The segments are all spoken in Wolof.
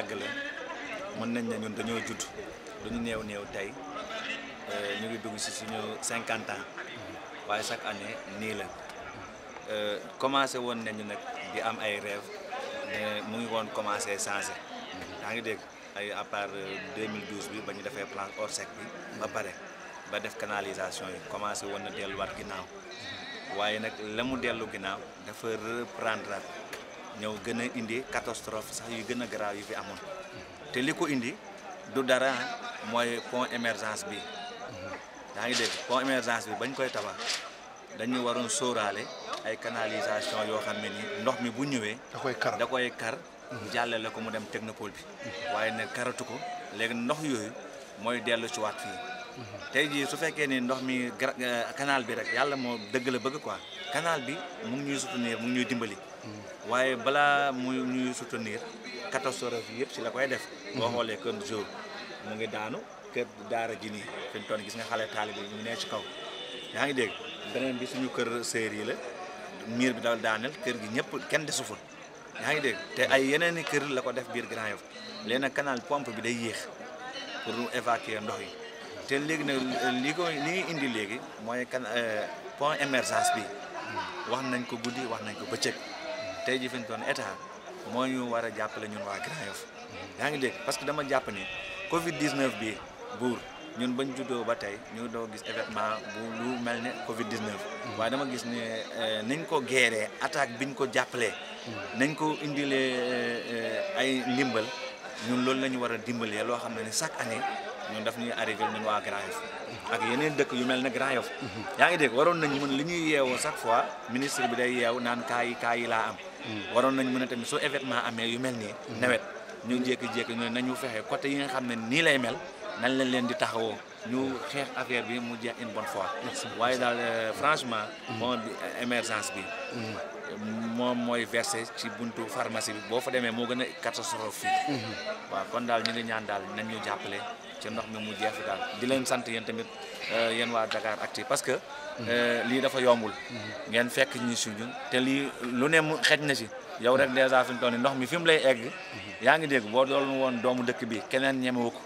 àggale mën nañ ne ñun dañoo judd duñu néew néew tey euh, ñu ngi dugg si suñu cinquante ans waaye chaque années nii la euh, commencé woon nañu nag di am ay rêve mu ngi woon commencé changé yaa ngi dégg ay à part 2012 euh, bi ba ñu defee plan Orsec bi ba pare ba def canalisation yi commencé woon na delluwaat ginnaaw waaye nag la mu dellu ginnaaw dafa reprendre ñëw gën a indi catastrophe sax yu gën a garaaw yu fi amoon te li ko indi du dara mooy pont émergence bi yaa ngi dégg pont émergence bi bañ koy tabax dañuy waroon sóoraale ay canalisation yoo xam ne ni ndox mi bu ñëwee da koy kar jàllale ko mu dem technopole bi waaye nag karatu ko léegi ndox yooyu mooy dellu ci waat fii tey jii su fekkee ni ndox mi canal bi rek yàlla moo dëgg la bëgg quoi canal bi mu ngi ñuy soutenir mu ngi ñuy dimbali waaye balaa muy ñuy soutenir catastrophe yëpp si la koy def. boo mhm. xoolee kër jour mu ngi daanu kër daara ji nii fi mu toll gis nga xale taalibe ñu nee ci kaw yaa ngi dégg beneen bi suñu kër séer yi la miir bi daal daaneel kër gi ñëpp kenn desu fa yaa ngi dégg te ay yeneen i kër la ko def biir Grand Yoff leen nag canal pompe bi day yéex pour évacuer ndox yi te léegi nag li ko li indi léegi mooy kan euh, pont émergence bi mhm. wax nañ ko guddi wax nañ ko bëccëg. tey ji fi ñu doon état moo ñu war a jàppale ñun waa Grand Yoff yaa ngi dégg parce que dama jàpp ni Covid 19 bi buur ñun bañ juddoo ba tey ñu doo gis événement bu lu mel ne Covid 19. waa dama gis ne eh, nañ ko géeree attaque ñu ko jàppalee. nañ ko indilee eh, ay ndimbal ñun loolu la ñu war a dimbalee loo xam ne ni chaque année ñun daf ñuy arrivé ñun waa Grand Yoff yeneen dëkk yu mel ne Grand Yoff mhm. yaa ngi dégg waroon nañ mën li ñuy yeewoo chaque fois ministre bi day yeew naan kaa yi kaa yi laa am. Mm. waroon nañ mën a tamit soo événement amee yu mel nii mm-hmm. nawet ñu jékki-jékki ñu nañu fexe côté yi nga xam ne nii lay mel nañ lañ leen di taxawoo ñu xeex affaire bi mu jeex une bonne fois waaye daal euh, mm. franchement mm. bon émergence bi moom mooy verse ci buntu pharmacie bi boo fa demee moo gën a catastrophe fii mm-hmm. waaw kon daal ñu ngi ñaan daal nañ ñu jàppale ci ndox mi mu jeex daal di leen sant yéen tamit Euh, yéen waa Dakar Actu parce que. Euh, lii dafa yombul. ngeen fekk ñi suñu te lii lu ne mu xej na si. yow rek dèjà fi mu ndox mi fi mu lay egg. yaa ngi dégg boo doon woon doomu dëkk bi keneen ñemewu ko.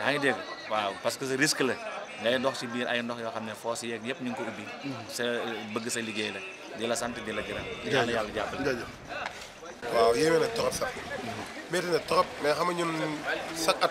yaa ngi dégg waaw parce que ce risque la ngay dox si biir ay ndox yoo xam ne foo si yeeg yëpp ñu ngi ko ubbi. sa bëgg sa liggéey la di la sant di la gërëm. yàlla yàlla la waaw yéeme na trop sax. métti na trop mais xam nga ñun chaque at.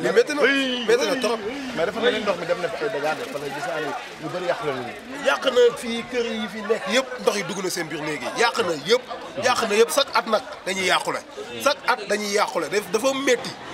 li métti na métti na trop. mais dafa mel ni ndox mi dem na fi ay dégâts de parce que gis naa ne lu bëri yàq la nit ñi. yàq na fii kër yi nekk yëpp ndox yi dugg na seen biir néeg yi yàq na yëpp. yàq na yëpp chaque at nag dañuy yàqule. chaque at dañuy yàqule dafa métti.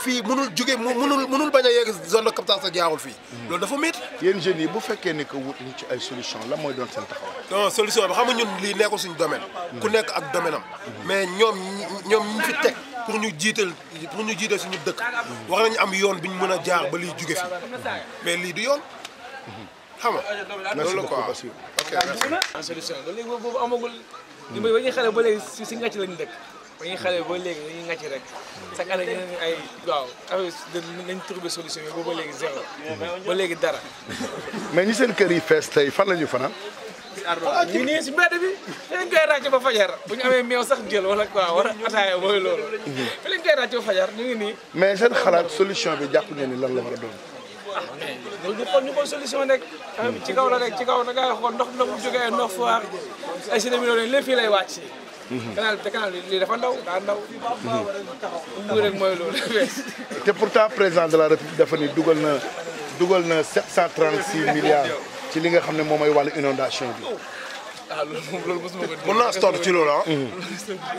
fii mënul jóge mënul mënul bañ a yegg zone de captage sa jaarul fii. Mhm. loolu dafa métti. yéen jeunes yi bu fekkee ni que wut nañ ci ay solution la mooy doon seen taxawaay. non solution xam nga ñun lii nekkul suñu domaine. Mhm. ku nekk ak domaine mhm. mais ñoom ñu fi teg pour ñu jiital pour ñu jiital suñu dëkk. wax nañu am yoon bi ñu mën a jaar ba liy juge fi mais lii du yoon. xam nga loolu quoi ok merci. solution ba léegi boobu amagul. li may ba ñuy xale ba léegi si si ngàcc lañu dëkk. ba ñuy xale boo léegi dañuy ngàcc rek chaque année ñu ne ay waaw affaire nañ trouver solution yi ba léegi zéro ba léegi dara mais ñu seen kër yi fees tey fan la ah, ñu fanaan ñu nii si mbedd bi fi lañ koy ba fajar bu ñu amee meew sax jël wala war wala ataaya mooy loolu fi lañ koy ba fajar ñu ngi nii mais seen xalaat solution bi jàpp ngeen ni lan la war a doon ah mais ñu xool ñu xool solution ci kaw la rek kaw da ngay xool ndox ndox bu jógee ndox foir ay si demi loolu lépp lay wàcc Mhm. canal te canal lii dafa ndaw daa ndaw. loolu mhm. rek mooy loolu. te pourtant président de la république dafa ni dugal na dugal na 736 milliards ci li nga xam ne moom mooy wàllu inondation bi. ah loolu moom loolu mosuma ko. mën naa stop ci loolu ah. Mhm.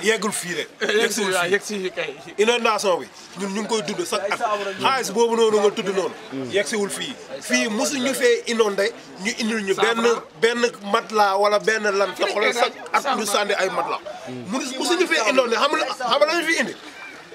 yeggul fii rek. yegg si waaw yegg si kay. inondation bi ñun ñu ngi koy dund sax at xaalis boobu noonu nga tudd noonu. Mhm. yegg siwul fii fii mosu ñu fee de ñu indil ñu benn benn matelas wala benn lan. te xoolal sax at ñu sànni ay matelas. Mhm. mosu ñu fee inondé xam nga xam nga fi indi.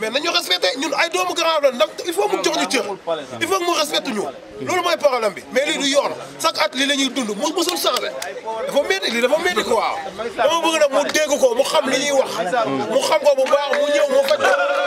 mais nañu respecté ñun ay doomu garaaw la ndax il faut mu jox ñu cër il faut mu respecté ñu loolu mooy problème bi mais lii du yoon chaque at lii la ñuy dund mu mosul changé dafa métti lii dafa métti quoi dama bëgg nag mu dégg ko mu xam li wax mu xam ko bu baax mu ñëw mu faj ko